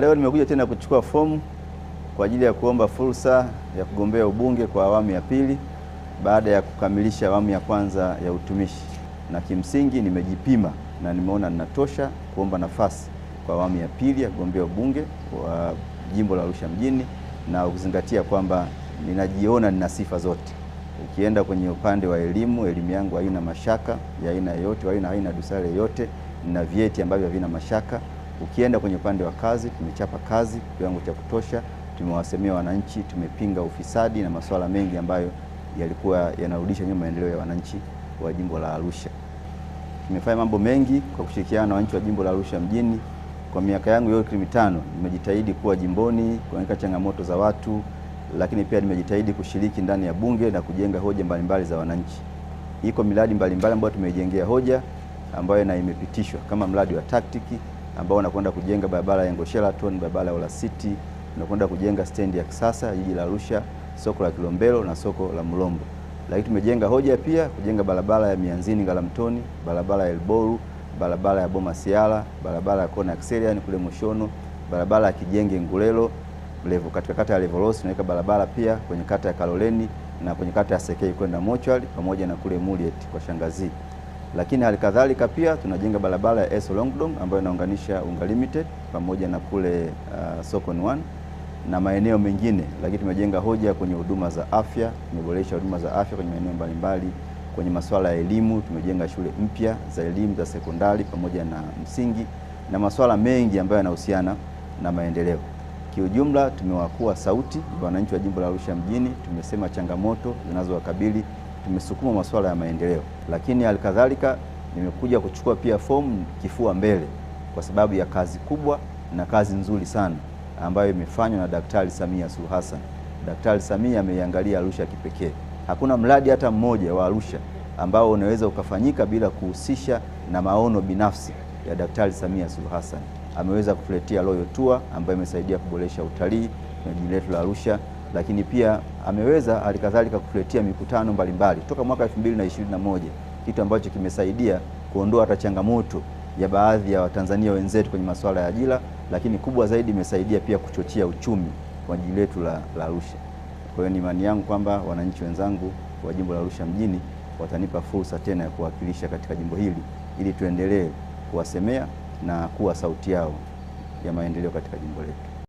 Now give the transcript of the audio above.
Leo nimekuja tena kuchukua fomu kwa ajili ya kuomba fursa ya kugombea ubunge kwa awamu ya pili baada ya kukamilisha awamu ya kwanza ya utumishi, na kimsingi nimejipima na nimeona ninatosha kuomba nafasi kwa awamu ya pili ya kugombea ubunge kwa jimbo la Arusha mjini, na ukizingatia kwamba ninajiona nina sifa zote. Ukienda kwenye upande wa elimu, elimu yangu haina mashaka ya aina yoyote, haina haina dosari yoyote, na vyeti ambavyo havina mashaka. Ukienda kwenye upande wa kazi, tumechapa kazi kiwango cha kutosha, tumewasemea wananchi, tumepinga ufisadi na masuala mengi ambayo yalikuwa yanarudisha nyuma maendeleo ya wananchi wa jimbo la Arusha. Tumefanya mambo mengi kwa kushirikiana na wananchi wa jimbo la Arusha mjini. Kwa miaka yangu yote mitano nimejitahidi kuwa jimboni kuweka changamoto za watu, lakini pia nimejitahidi kushiriki ndani ya bunge na kujenga hoja mbalimbali mbali za wananchi. Iko miradi mbalimbali ambayo tumejengea hoja ambayo na imepitishwa kama mradi wa taktiki ambao wanakwenda kujenga barabara ya Ngosheraton, barabara ya Ola City, tunakwenda kujenga stendi ya kisasa jiji la Arusha, soko la Kilombero na soko la Mlombo. Lakini tumejenga hoja pia kujenga barabara ya Mianzini Ngalamtoni, barabara ya Elboru, barabara ya Boma Siala, barabara ya Kona Axelian kule Moshono, barabara ya Kijenge Ngulelo Levo, katika kata ya Levolosi tunaweka barabara pia kwenye kata ya Kaloleni na kwenye kata ya Sekei kwenda Mochwali pamoja na kule Muliet kwa Shangazi lakini halikadhalika pia tunajenga barabara ya Eso Longdong ambayo inaunganisha Unga Limited pamoja na kule uh, Sokon One na maeneo mengine, lakini tumejenga hoja kwenye huduma za afya, tumeboresha huduma za afya kwenye maeneo mbalimbali. Kwenye masuala ya elimu tumejenga shule mpya za elimu za sekondari pamoja na msingi na masuala mengi ambayo yanahusiana na maendeleo. Kiujumla, tumewakuwa sauti wananchi wa jimbo la Arusha mjini, tumesema changamoto zinazowakabili tumesukuma masuala ya maendeleo, lakini halikadhalika nimekuja kuchukua pia fomu kifua mbele kwa sababu ya kazi kubwa na kazi nzuri sana ambayo imefanywa na Daktari Samia Suluhu Hassan. Daktari Samia ameiangalia Arusha kipekee. Hakuna mradi hata mmoja wa Arusha ambao unaweza ukafanyika bila kuhusisha na maono binafsi ya Daktari Samia Suluhu Hassan. Ameweza kutuletea Royal Tour ambayo imesaidia kuboresha utalii na jiji letu la Arusha, lakini pia ameweza alikadhalika kufletia mikutano mbalimbali toka mwaka 2021 kitu ambacho kimesaidia kuondoa hata changamoto ya baadhi ya Watanzania wenzetu kwenye masuala ya ajira, lakini kubwa zaidi imesaidia pia kuchochea uchumi kwa jiji letu la Arusha. Kwa hiyo ni imani yangu kwamba wananchi wenzangu wa jimbo la Arusha mjini watanipa fursa tena ya kuwakilisha katika jimbo hili ili tuendelee kuwasemea na kuwa sauti yao ya maendeleo katika jimbo letu.